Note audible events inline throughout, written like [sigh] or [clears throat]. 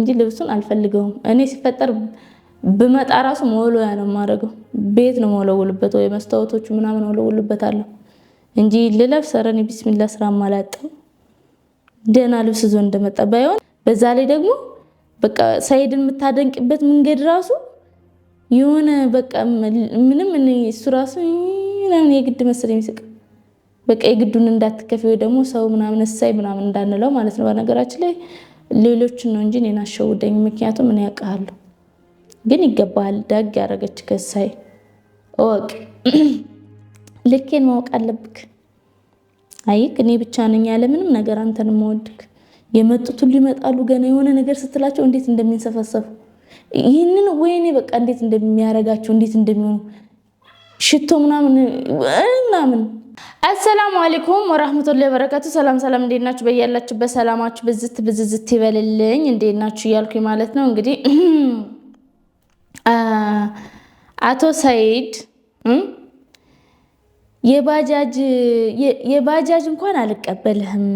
እንጂ ልብሱን አልፈልገውም። እኔ ሲፈጠር ብመጣ ራሱ መወሎያ ነው የማደርገው። ቤት ነው መወለውልበት ወይ መስታወቶቹ ምናምን ወለውልበታለሁ እንጂ ልለብስ ሰረኒ ቢስሚላ ስራ ማላጠው ደህና ልብስ ዞን እንደመጣ ባይሆን በዛ ላይ ደግሞ በቃ ሰኢድን የምታደንቅበት መንገድ ራሱ የሆነ በቃ ምንም እሱ ራሱ ምናምን የግድ መስል የሚስቅ በቃ የግዱን እንዳትከፊ ወይ ደግሞ ሰው ምናምን እሳይ ምናምን እንዳንለው ማለት ነው በነገራችን ላይ ሌሎችን ነው እንጂ እኔን አሸውደኝ። ምክንያቱም እኔ ያውቃሉ? ግን ይገባል ዳግ ያደረገች ከሳይ እወቅ። [clears throat] ልኬን ማወቅ አለብክ። አይክ እኔ ብቻ ነኝ ያለምንም ነገር አንተን መወድክ። የመጡት ሁሉ ይመጣሉ። ገና የሆነ ነገር ስትላቸው እንዴት እንደሚንሰፈሰፉ ይህንን ወይኔ በቃ እንዴት እንደሚያረጋቸው እንዴት እንደሚሆኑ ሽቶ ምናምን ምናምን አሰላሙ አለይኩም ወራህመቱላሂ ወበረካቱ። ሰላም ሰላም፣ እንዴት ናችሁ? በያላችሁበት ሰላማችሁ ብዝት ብዝዝት ይበልልኝ። እንዴት ናችሁ እያልኩኝ ማለት ነው። እንግዲህ [clears throat] አቶ ሰይድ የባጃጅ የባጃጅ እንኳን አልቀበልህም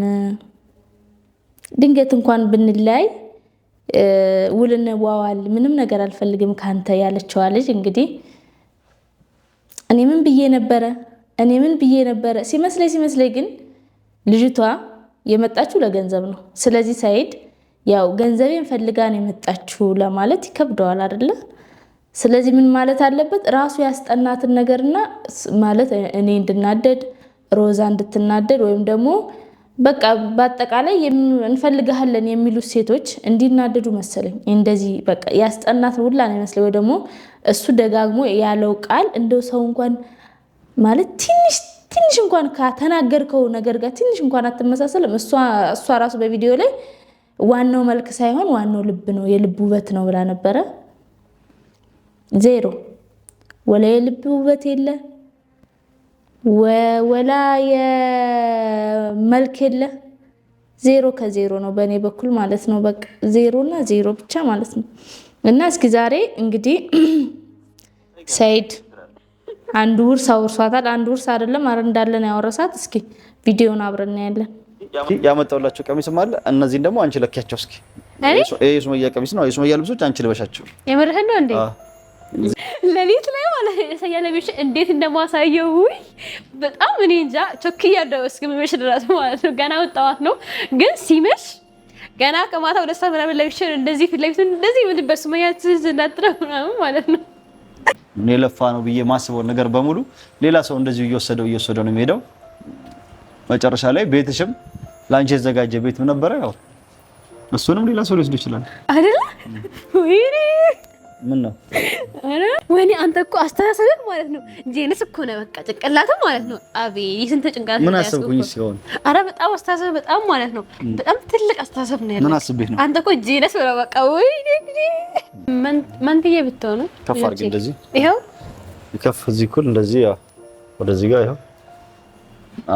ድንገት እንኳን ብንላይ ውል እንዋዋል፣ ምንም ነገር አልፈልግም ካንተ ያለችዋ ልጅ እንግዲህ እኔ ምን ብዬ ነበረ እኔ ምን ብዬ ነበረ ሲመስለኝ ሲመስለኝ ግን ልጅቷ የመጣችው ለገንዘብ ነው። ስለዚህ ሳይድ ያው ገንዘቤን ፈልጋ ነው የመጣችው ለማለት ይከብደዋል አይደለ? ስለዚህ ምን ማለት አለበት ራሱ ያስጠናትን ነገርና ማለት እኔ እንድናደድ ሮዛ እንድትናደድ ወይም ደግሞ በቃ በአጠቃላይ እንፈልግሃለን የሚሉት ሴቶች እንዲናደዱ መሰለኝ። እንደዚህ በቃ ያስጠናት ሁላ ነው ይመስለኝ። ወይ ደግሞ እሱ ደጋግሞ ያለው ቃል እንደው ሰው እንኳን ማለት ትንሽ ትንሽ እንኳን ከተናገርከው ነገር ጋር ትንሽ እንኳን አትመሳሰልም። እሷ ራሱ በቪዲዮ ላይ ዋናው መልክ ሳይሆን ዋናው ልብ ነው የልብ ውበት ነው ብላ ነበረ። ዜሮ ወላ የልብ ውበት የለ ወላ የመልክ የለ። ዜሮ ከዜሮ ነው በእኔ በኩል ማለት ነው። በቃ ዜሮ እና ዜሮ ብቻ ማለት ነው። እና እስኪ ዛሬ እንግዲህ [clears throat] ሰይድ አንድ ውርስ አውርሷታል። አንድ ውርስ አይደለም አረ እንዳለን ያወረሳት። እስኪ ቪዲዮን አብረን እናያለን። ያመጣውላቸው ቀሚስም አለ። እነዚህን ደግሞ አንቺ ለኪያቸው እስኪ። የሱመያ ቀሚስ ነው። የሱመያ ልብሶች አንቺ ልበሻቸው። የምርህን ነው እንዴ? ለሊት ላይ ማለት የሱመያ ለሚሽ እንዴት እንደማሳየው በጣም እኔ እንጃ። ቾክያለሁ። እስኪ መመሽ ድረስ ማለት ነው። ገና ወጣዋት ነው ግን ሲመሽ ገና ከማታ ወደ ሰዓት ምናምን ለሚሽ እንደዚህ ፊት ለፊት እንደዚህ የምትበት ሱመያ ትዝ እንዳትረው ምናምን ማለት ነው የለፋ ነው ብዬ ማስበው ነገር በሙሉ ሌላ ሰው እንደዚሁ እየወሰደው እየወሰደው ነው የሚሄደው። መጨረሻ ላይ ቤትሽም ላንቺ የተዘጋጀ ቤትም ነበረ፣ ያው እሱንም ሌላ ሰው ሊወስድ ይችላል አይደለ? ምን ነው? አረ ወይኔ አንተ እኮ አስተሳሰብህ ማለት ነው ጄንስ እኮ ነው በቃ ጭንቅላት ማለት ነው። አቤት የስንት ጭንቅላት ምን አሰብኩኝ ሲሆን፣ አረ በጣም አስተሳሰብህ በጣም ማለት ነው በጣም ትልቅ አስተሳሰብ ነው ያለው። ምን አስቤት ነው አንተ እኮ ጄንስ በቃ መንትዬ ከፍ እንደዚህ ይኸው እዚህ እኩል እንደዚህ ወደዚህ ጋር ይኸው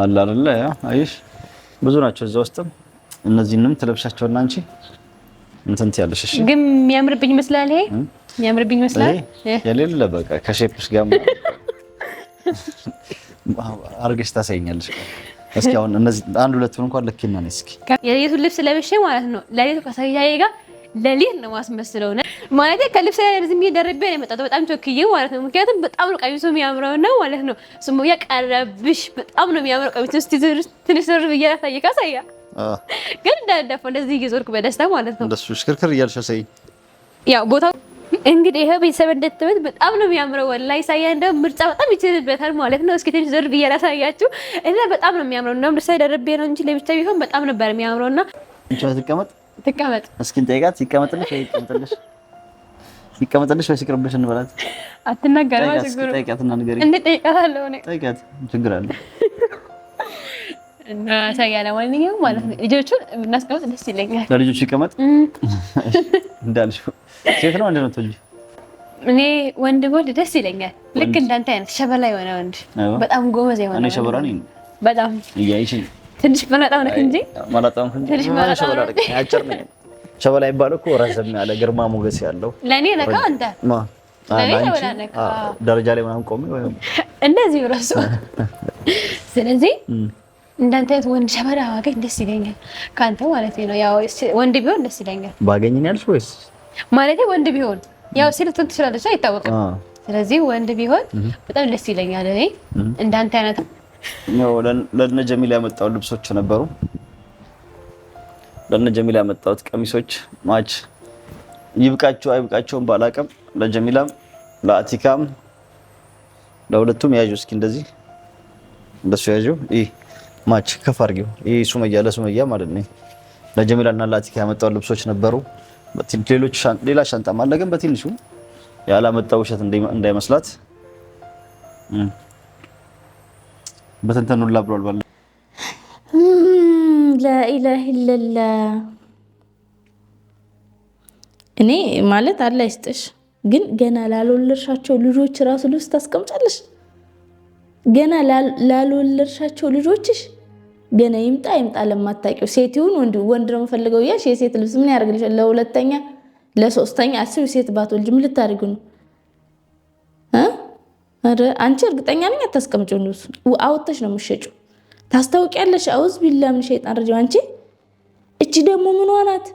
አለ አይደለ? ብዙ ናቸው እዛ ውስጥም እነዚህንም ትለብሻቸውና አንቺ እንትን ትያለሽ። እሺ ግን የሚያምርብኝ ይመስላል ይሄ የሚያምርብኝ ይመስላል። የሌለ በቃ ከሼፕስ ጋር አርገሽ ታሳይኛለሽ። እስኪ አሁን እነዚህ አንድ ሁለቱን እንኳን ልክ ነን። እስኪ የሌቱን ልብስ ለብሼ ማለት ነው ለሌቱ ከሰያዬ ጋር ለሌት ነው ማስመስለው ነ ማለት ከልብስ ላይ ዝም ደርቤ ነው የመጣሁት። በጣም ቾክዬ ማለት ነው። ምክንያቱም በጣም ነው ቀሚሱ የሚያምረው ነው ማለት ነው። ስሙያ ቀረብሽ በጣም ነው የሚያምረው ቀሚሱ። እስቲ ትንሽ ዝር ብዬ ላሳይ ካሳያ ግን እንዳደፋ እንደዚህ እየዞርኩ በደስታ ማለት ነው እንደሱ ሽክርክር እያልሽ ያው ቦታው እንግዲህ ይሄ ቤተሰብ እንደተበት በጣም ነው የሚያምረው። ወላሂ ሳያ እንደ ምርጫ በጣም ይችልበታል ማለት ነው። እስኪ ትንሽ ዞር ብዬ ላሳያችሁ እና በጣም ነው የሚያምረው። እንደውም ደስ ደርቤ ነው እንጂ ለብቻ ቢሆን በጣም ነበር የሚያምረው። እና ትቀመጥ ትቀመጥ እስኪ እንጠይቃት። ይቀመጥልሽ ወይ ይቀመጥልሽ ይቀመጥልሽ ወይ ይቅርብሽ እንበላት። አትናገር ማለት ችግሩ እንጠይቃት እና ንገሪ እንጠይቃት አለው ነው ጠይቃት ችግር አለ እናሳያለን ማንኛውም ማለት ነው። ልጆቹን እናስቀምጥ ደስ ይለኛል። ለልጆቹ ይቀመጥ እንዳልሽ ሴት ነው ወንድ ነው? እኔ ወንድ ወንድ ደስ ይለኛል። ልክ እንዳንተ አይነት ሸበላ የሆነ ወንድ በጣም ጎበዝ የሆነ እኔ ሸበላ ነኝ በጣም እያይሽኝ ትንሽ መላጣው ነህ እንጂ መላጣው ትንሽ መላጣው ነህ አጭር ነኝ። ሸበላ ይባላል እኮ ረዘም ያለ ግርማ ሞገስ ያለው ለእኔ ነካ አንተ ደረጃ ላይ ምናምን ቆሜ እንደዚህ እራሱ ስለዚህ እንዳንተ አይነት ወንድ ሸበላ ባገኝ ደስ ይለኛል። ከአንተ ማለት ነው። ያው ወንድ ቢሆን ደስ ይለኛል። ባገኝ ነው ያልሽ ወይስ ማለት ወንድ ቢሆን ያው ሲልቱን ትችላለች አይታወቅም። ስለዚህ ወንድ ቢሆን በጣም ደስ ይለኛል። እኔ እንዳንተ አይነት ያው ለነ ጀሚላ ያመጣው ልብሶች ነበሩ። ለነ ጀሚላ ያመጣሁት ቀሚሶች ማች ይብቃቸው አይብቃቸውም ባላቅም፣ ለጀሚላም ለአቲካም ለሁለቱም ያዡ። እስኪ እንደዚህ እንደሱ ያዡ። ይህ ማች ከፍ አድርጊው። ይህ ሱመያ ለሱመያ ማለት ነው። ለጀሚላ እና ላቲካ ያመጣው ልብሶች ነበሩ። ሌላ ሻንጣም አለ፣ ግን በትንሹ ያላመጣው ውሸት እንዳይመስላት በተንተኑላ ብሏል። ባለ ላኢላህ ኢለላ እኔ ማለት አለ አይስጥሽ። ግን ገና ላልወለድሻቸው ልጆች ራሱ ልብስ ታስቀምጫለሽ። ገና ላልወለድሻቸው ልጆችሽ ገና ይምጣ ይምጣ ለማታውቂው ሴት ይሁን ወንድ ወንድ ነው የምፈልገው እያልሽ የሴት ልብስ ምን ያደርግልሻል? ለሁለተኛ ለሶስተኛ አስቢው። ሴት ባትወልጂ ምን ልታደርጊ ነው? አንቺ እርግጠኛ ነኝ አታስቀምጪው ልብሱ አውጥተሽ ነው የምትሸጪው። ታስታውቂያለሽ። አውዝ ቢላ ምን ሸይጣን ረጅም። አንቺ እቺ ደግሞ ምኗ ናት?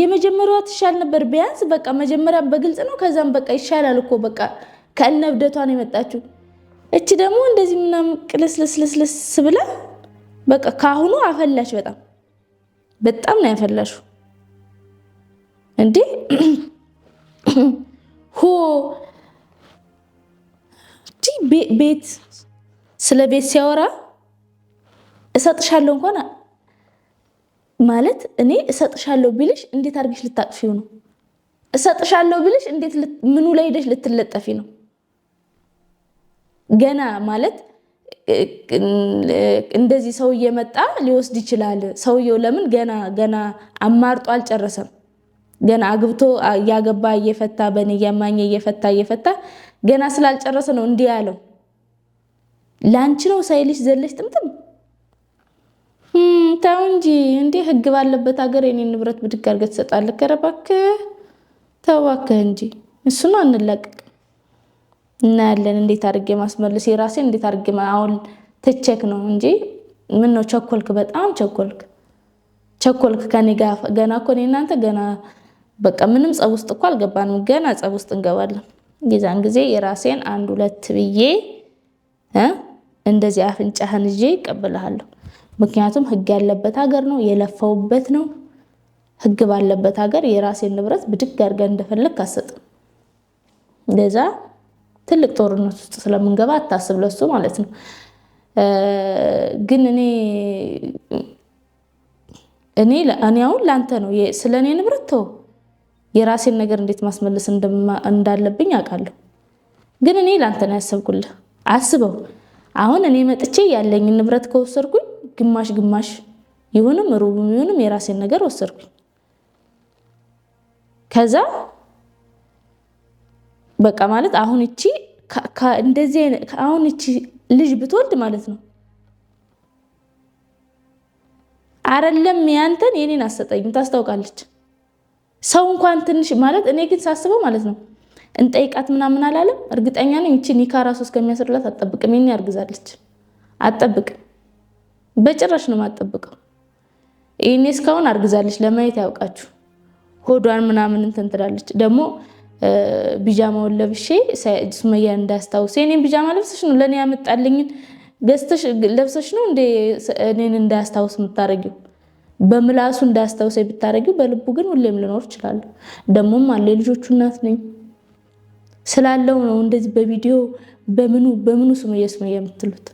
የመጀመሪያዋ ትሻል ነበር ቢያንስ በቃ መጀመሪያ በግልጽ ነው። ከዛም በቃ ይሻላል እኮ በቃ ከእነ እብደቷ ነው የመጣችው። እቺ ደግሞ እንደዚህ ምናምን ቅልስልስልስልስ ብላ በቃ ካሁኑ አፈላሽ። በጣም በጣም ነው ያፈላሹ እንዴ! [clears throat] ሆ ቤት ስለ ቤት ሲያወራ እሰጥሻለሁ እንኳን ማለት እኔ እሰጥሻለሁ ቢልሽ እንዴት አድርገሽ ልታቅፊው ነው? እሰጥሻለሁ ቢልሽ እንዴት ምኑ ላይ ሄደሽ ልትለጠፊ ነው? ገና ማለት እንደዚህ ሰው እየመጣ ሊወስድ ይችላል። ሰውየው ለምን ገና ገና አማርጦ አልጨረሰም። ገና አግብቶ እያገባ እየፈታ በኔ እያማኘ እየፈታ እየፈታ ገና ስላልጨረሰ ነው እንዲህ ያለው። ለአንቺ ነው ሳይልሽ ዘለሽ ጥምጥም ተው እንጂ እንዲህ ህግ ባለበት ሀገር የኔን ንብረት ብድግ አድርገህ ትሰጣለህ? ተዋከ እንጂ እሱን አንለቅቅ እናያለን እንዴት አድርጌ ማስመልስ የራሴን እንዴት አድርጌ አሁን ትቼክ ነው እንጂ ምን ነው ቸኮልክ፣ በጣም ቸኮልክ፣ ቸኮልክ ከኔ ጋ ገና እኮ እኔ እናንተ ገና በቃ ምንም ጸብ ውስጥ እኮ አልገባንም። ገና ጸብ ውስጥ እንገባለን። የዛን ጊዜ የራሴን አንድ ሁለት ብዬ እንደዚህ አፍንጫህን ይዤ ይቀበልሃለሁ። ምክንያቱም ህግ ያለበት ሀገር ነው፣ የለፈውበት ነው። ህግ ባለበት ሀገር የራሴን ንብረት ብድግ አድርገን እንደፈለግ አሰጥም ለዛ ትልቅ ጦርነት ውስጥ ስለምንገባ አታስብ ለሱ ማለት ነው። ግን እኔ እኔ አሁን ለአንተ ነው ስለ እኔ ንብረት ተው፣ የራሴን ነገር እንዴት ማስመለስ እንዳለብኝ አውቃለሁ። ግን እኔ ለአንተ ነው ያሰብኩልህ። አስበው አሁን እኔ መጥቼ ያለኝን ንብረት ከወሰድኩኝ ግማሽ ግማሽ ይሁንም ሩብም ይሁንም የራሴን ነገር ወሰድኩኝ ከዛ በቃ ማለት አሁን እቺ እንደዚህ አሁን እቺ ልጅ ብትወልድ ማለት ነው አረለም ያንተን የኔን አሰጠኝም ታስታውቃለች። ሰው እንኳን ትንሽ ማለት እኔ ግን ሳስበው ማለት ነው እንጠይቃት ምናምን አላለም። እርግጠኛ ነኝ እቺ ኒካ ራሱ እስከሚያስርላት አጠብቅም። ኔ አርግዛለች አጠብቅም፣ በጭራሽ ነው የማጠብቀው። ይህኔ እስካሁን አርግዛለች። ለማየት ያውቃችሁ ሆዷን ምናምን እንትን ትላለች ደግሞ ቢጃማውን ለብሼ ሱመያ እንዳያስታውስ እኔም ቢጃማ ለብሰሽ ነው ለእኔ ያመጣልኝን ገዝተሽ ለብሰሽ ነው እንደ እኔን እንዳያስታውስ የምታረጊው በምላሱ እንዳያስታውሰ ብታረጊው በልቡ ግን ሁሌም ልኖር ይችላሉ። ደግሞም አለ የልጆቹ እናት ነኝ ስላለው ነው እንደዚህ በቪዲዮ በምኑ በምኑ ሱመያ ሱመያ የምትሉት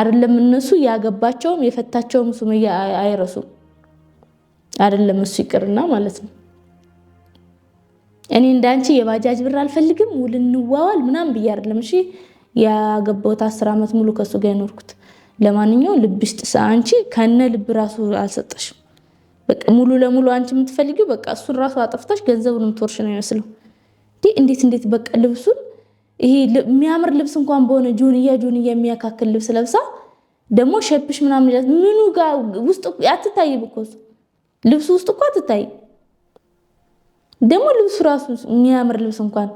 አይደለም። እነሱ ያገባቸውም የፈታቸውም ሱመያ አይረሱም አይደለም እሱ ይቅርና ማለት ነው። እኔ እንዳንቺ የባጃጅ ብር አልፈልግም ውል እንዋዋል ምናምን ብዬ አይደለም። እሺ ያገባሁት አስር ዓመት ሙሉ ከሱ ጋር የኖርኩት። ለማንኛውም ልብሽ ጥስ አንቺ ከነ ልብ ራሱ አልሰጠሽም። በቃ ሙሉ ለሙሉ አንቺ የምትፈልጊው በቃ እሱን ራሱ አጠፍታሽ ገንዘቡን የምትወርሽ ነው ይመስለው። እንዴት እንዴት በቃ ልብሱን ይሄ የሚያምር ልብስ እንኳን በሆነ ጆንያ ጆንያ የሚያካክል ልብስ ለብሳ ደግሞ ሸብሽ ምናምን ምኑ ጋር ውስጥ አትታይ እኮ ልብሱ ውስጥ እኮ አትታይ ደግሞ ልብሱ ራሱ የሚያምር ልብስ እንኳን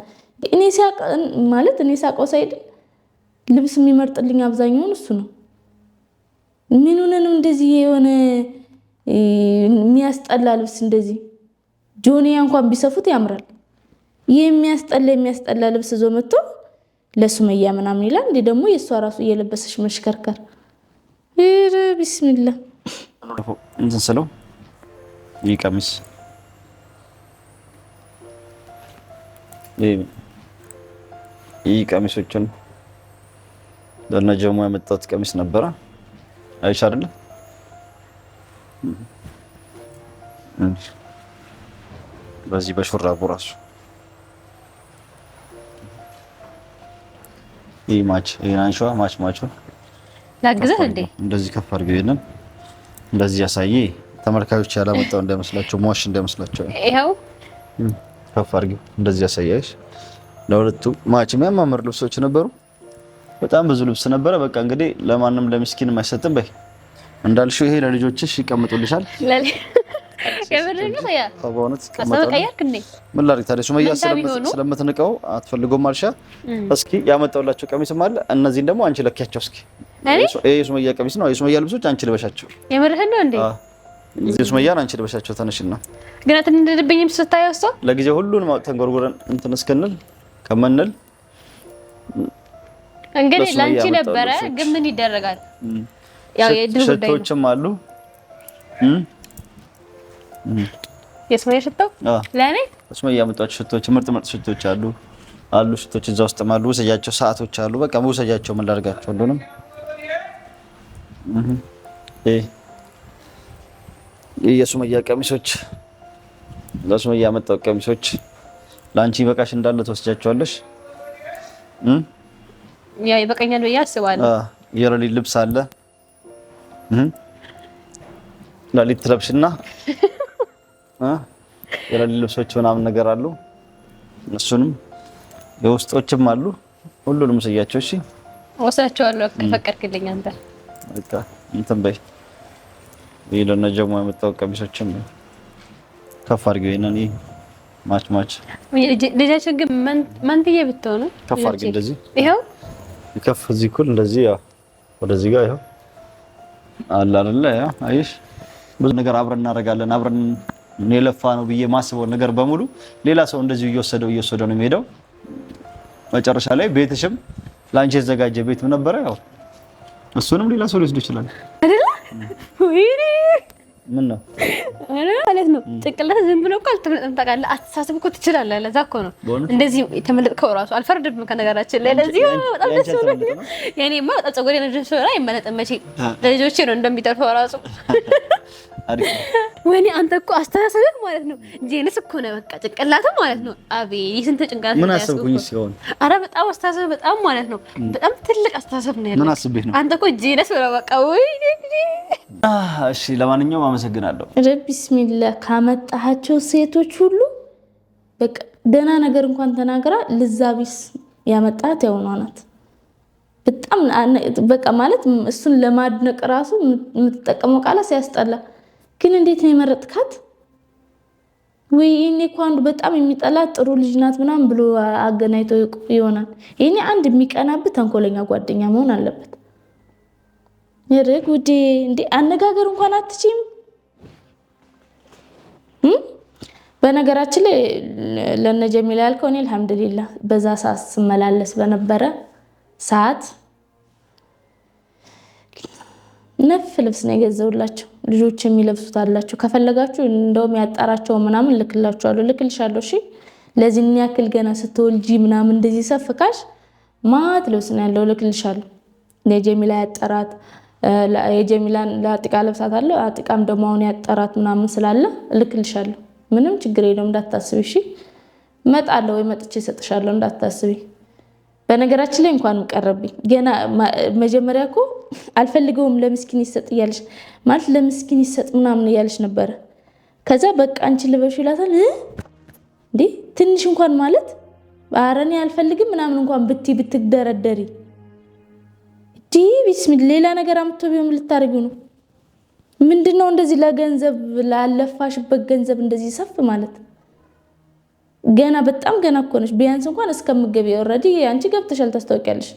እኔ ማለት እኔ ሳቀው ሳይድ ልብስ የሚመርጥልኝ አብዛኛውን እሱ ነው። ምኑን ነው እንደዚህ የሆነ የሚያስጠላ ልብስ እንደዚህ ጆንያ እንኳን ቢሰፉት ያምራል። ይህ የሚያስጠላ የሚያስጠላ ልብስ ዞ መጥቶ ለሱመያ ምናምን ይላል። እንዲህ ደግሞ የእሷ ራሱ እየለበሰች መሽከርከር ቢስሚላ ስለው ይህ ቀሚስ ይህ ቀሚሶችን ጀሞ ያመጣት ቀሚስ ነበረ። አይሻ አይደለ? በዚህ በሹራቡ ራሱ ይህ ማች ይህ አንሸዋ ማች ማች ላግዘህ እንዴ? እንደዚህ ከፍ አድርገው ይሄንን እንደዚህ ያሳየ ተመልካዮች ያላመጣው እንዳይመስላቸው ሟሽ እንዳይመስላቸው ይኸው ከፍ አድርጊው። እንደዚህ ያሳያሽ። ለሁለቱ ማች የሚያማምር ልብሶች ነበሩ። በጣም ብዙ ልብስ ነበረ። በቃ እንግዲህ ለማንም ለምስኪን ማይሰጥም በይ እንዳልሽው፣ ይሄ ለልጆችሽ ይቀምጡልሻል። ምን ላድርግ ታዲያ ሱመያ ስለምትንቀው አትፈልጎም አልሻ። እስኪ ያመጣውላቸው ቀሚስም አለ። እነዚህን ደግሞ አንቺ ለኪያቸው እስኪ። ይሄ የሱመያ ቀሚስ ነው። የሱመያ ልብሶች አንቺ ልበሻቸው። የምርህን ነው እንዴ? እዚህ ሱመያን አንቺ ልበሻቸው ተነሽና ግን አትንድድብኝም። ስታየው እሷ ለጊዜው ሁሉንም ተንጎርጉረን እንትን እስክንል ከምንል እንግዲህ ለአንቺ ነበረ። ግን ምን ይደረጋል፣ ያው የድል ጉዳይ ነው። ሽቶችም አሉ የሱመያ ሽቶ ለእኔ ሱመያ ያመጣቸው ሽቶች ምርጥ ምርጥ ሽቶች አሉ አሉ ሽቶች እዛ ውስጥም አሉ። ውሰጃቸው፣ ሰዓቶች አሉ። በቃ ውሰጃቸው፣ ምን ላድርጋቸው ሁሉንም የሱመያ ቀሚሶች ለሱመያ ያመጣው ቀሚሶች ለአንቺ በቃሽ እንዳለ ተወስጃቸዋለሽ። ያ ይበቃኛል ብዬ አስባለሁ። የረሊ ልብስ አለ ለሊት ትለብሽና የረሊ ልብሶች ምናምን ነገር አሉ። እነሱንም የውስጦችም አሉ። ሁሉንም ስያቸው። እሺ ወስዳቸዋለሁ ከፈቀድክልኝ አንተ በቃ እንትን በይ ይህ ለነ ለነጀሙ የመጣው ቀሚሶችም ከፍ አድርገው ይሄንን ማች ማች ልጃችን ግን መንትዬ ብትሆነ ከፍ አድርገው እንደዚህ ይኸው ከፍ እዚህ እኩል እንደዚህ ያው ወደዚህ ጋር ይኸው አለ አይደለ? ያው አይሽ ብዙ ነገር አብረን እናደርጋለን። አብረን የለፋ ነው ብዬ ማስበው ነገር በሙሉ ሌላ ሰው እንደዚሁ እየወሰደው እየወሰደው ነው የሚሄደው። መጨረሻ ላይ ቤትሽም ላንቺ የተዘጋጀ ቤትም ነበረ ያው እሱንም ሌላ ሰው ሊወስድ ይችላል አይደለ? ወይኔ ምን ነው አረ ማለት ነው። ጭንቅላት ዝም ብሎ እኮ አልተመለጠም። ታውቃለህ፣ አስተሳሰብ እኮ ትችላለህ። ለዛ እኮ ነው እንደዚህ የተመለጥከው። እራሱ አልፈርድም ከነገራችን ላይ ለዚህ በጣም ደስ ብሎኝ ያኔ በጣም ፀጉሬ ነው ደስ ብሎኝ አይመለጥም መቼ ለልጆቼ ነው እንደሚጠርፈው እራሱ [laughs] ወይኔ አንተ እኮ አስተሳሰብህ ማለት ነው ጄንስ እኮ ነው በቃ ጭንቅላት ማለት ነው። አቤት ስንት ጭንቅላት ምን አሰብኩኝ ሲሆን፣ አረ በጣም አስተሳሰብ በጣም ማለት ነው በጣም ትልቅ አስተሳሰብ ነው ምን አስቤህ ነው አንተ እኮ ጄንስ ነው በቃ። እሺ፣ ለማንኛውም አመሰግናለሁ። ቢስሚላ ካመጣሃቸው ሴቶች ሁሉ በቃ ደህና ነገር እንኳን ተናግራ ልዛቢስ ያመጣት ያውኗ ናት። በጣም በቃ ማለት እሱን ለማድነቅ ራሱ የምትጠቀመው ቃላ ሲያስጠላ ግን እንዴት ነው የመረጥካት? ወይ ይህኔ እኮ አንዱ በጣም የሚጠላት ጥሩ ልጅ ናት ምናምን ብሎ አገናኝቶ ይሆናል። ይህኔ አንድ የሚቀናብህ ተንኮለኛ ጓደኛ መሆን አለበት። ርግ ውዴ፣ እንዴ አነጋገር እንኳን አትችም። በነገራችን ላይ ለነ ጀሚል ያልከው እኔ አልሐምድሊላ በዛ ሰዓት ስመላለስ በነበረ ሰዓት ነፍ ልብስ ነው የገዘውላቸው። ልጆች የሚለብሱት አላቸው። ከፈለጋችሁ እንደውም ያጣራቸው ምናምን ልክላችኋለሁ፣ ልክልሻለሁ። እሺ ለዚህ ያክል ገና ስትወልጂ ምናምን እንደዚህ ሰፍካሽ ማት ልብስ ነው ያለው፣ ልክልሻለሁ። የጀሚላ ያጠራት የጀሚላን ለአጥቃ ለብሳት አለው። አጥቃም ደግሞ አሁን ያጠራት ምናምን ስላለ ልክልሻለሁ። ምንም ችግር የለውም እንዳታስቢ። እሺ እመጣለሁ ወይ መጥቼ እሰጥሻለሁ፣ እንዳታስቢ በነገራችን ላይ እንኳን ቀረብኝ። ገና መጀመሪያ እኮ አልፈልገውም ለምስኪን ይሰጥ እያለች ማለት ለምስኪን ይሰጥ ምናምን እያለች ነበረ። ከዛ በቃ አንቺ ልበሹ ይላታል። እንዴ ትንሽ እንኳን ማለት ኧረ እኔ አልፈልግም ምናምን እንኳን ብቲ ብትደረደሪ ዲ ቢስሚል ሌላ ነገር አምቶ ቢሆን ልታደርጊው ነው ምንድነው እንደዚህ ለገንዘብ ላለፋሽበት ገንዘብ እንደዚህ ሰፍ ማለት ገና በጣም ገና እኮ ነሽ። ቢያንስ እንኳን እስከምገቢ ኦልሬዲ አንቺ ገብተሻል፣ ታስታውቂያለሽ።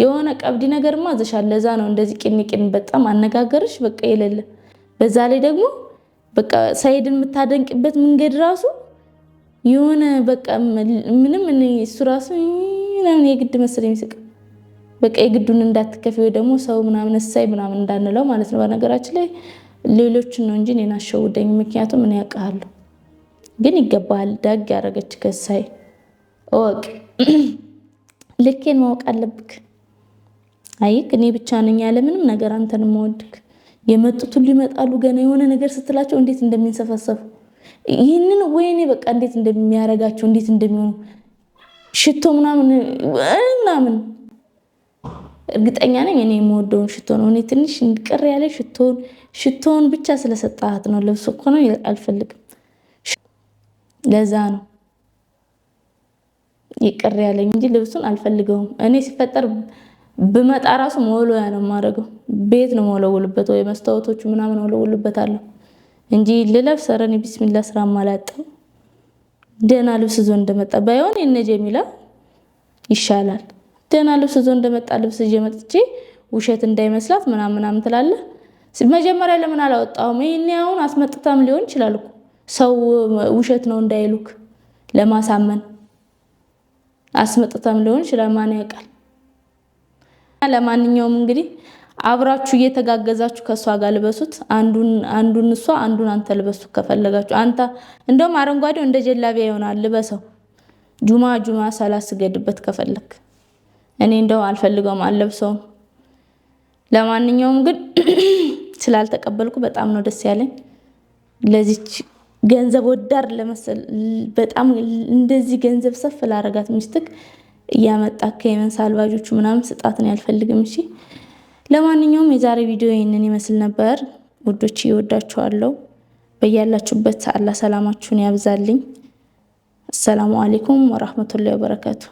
የሆነ ቀብዲ ነገርማ አዘሻል። ለዛ ነው እንደዚህ ቂኒ በጣም አነጋገርሽ በቃ የሌለ። በዛ ላይ ደግሞ በቃ ሳይድን የምታደንቅበት መንገድ ራሱ የሆነ በቃ ምንም እሱ ራሱ ምናምን የግድ መሰለኝ የሚስቅ በቃ የግዱን እንዳትከፊ ወይ ደግሞ ሰው ምናምን እሳይ ምናምን እንዳንለው ማለት ነው። በነገራችን ላይ ሌሎችን ነው እንጂ እኔን አሸውደኝ። ምክንያቱም እኔ ያውቃለሁ ግን ይገባል ዳግ ያደረገች ከሳይ እወቅ። [clears throat] ልኬን ማወቅ አለብክ። አይክ እኔ ብቻ ነኝ ያለምንም ነገር አንተን መወድክ። የመጡት ሁሉ ይመጣሉ። ገና የሆነ ነገር ስትላቸው እንዴት እንደሚንሰፈሰፉ ይህንን ወይኔ በቃ እንዴት እንደሚያረጋቸው እንዴት እንደሚሆኑ ሽቶ ምናምን ምናምን እርግጠኛ ነኝ እኔ የምወደውን ሽቶ ነው። እኔ ትንሽ ቅር ያለ ሽቶን ሽቶውን ብቻ ስለሰጣት ነው። ለብሶ እኮ ነው አልፈልግም ለዛ ነው ይቅር ያለኝ እንጂ ልብሱን አልፈልገውም። እኔ ሲፈጠር ብመጣ ራሱ መወልወያ ነው የማደርገው። ቤት ነው መወለውልበት ወይ መስታወቶቹ ምናምን ወለውልበታለሁ እንጂ ልለብስ ኧረ ቢስሚላ ስራ ማላጠም ደህና ልብስ ዞ እንደመጣ ባይሆን የነ ጀሚላ ይሻላል። ደህና ልብስ ዞ እንደመጣ ልብስ ይዤ ውሸት እንዳይመስላት ምናምን ምናምን መጀመሪያ ለምን አላወጣሁም? ይሄኔ አሁን አስመጥታም ሊሆን ይችላል እኮ ሰው ውሸት ነው እንዳይሉክ ለማሳመን አስመጥተም ሊሆን ይችላል። ማን ያውቃል? ለማንኛውም እንግዲህ አብራችሁ እየተጋገዛችሁ ከእሷ ጋር ልበሱት። አንዱን እሷ አንዱን አንተ ልበሱት ከፈለጋችሁ። አንተ እንደውም አረንጓዴው እንደ ጀላቢያ ይሆናል፣ ልበሰው። ጁማ ጁማ ሰላ ስገድበት ከፈለክ። እኔ እንደው አልፈልገውም፣ አልለብሰውም። ለማንኛውም ግን [clears throat] ስላልተቀበልኩ በጣም ነው ደስ ያለኝ ለዚች ገንዘብ ወዳድ ለመሰል በጣም እንደዚህ ገንዘብ ሰፍ ላረጋት ሚስትክ እያመጣ ከየመን ሳልባጆቹ ምናምን ስጣትን ያልፈልግም። እሺ ለማንኛውም የዛሬ ቪዲዮ ይህንን ይመስል ነበር። ውዶች እየወዳችኋለሁ። በያላችሁበት አላ ሰላማችሁን ያብዛልኝ። አሰላሙ አሌይኩም ወራህመቱላሂ ወበረከቱ።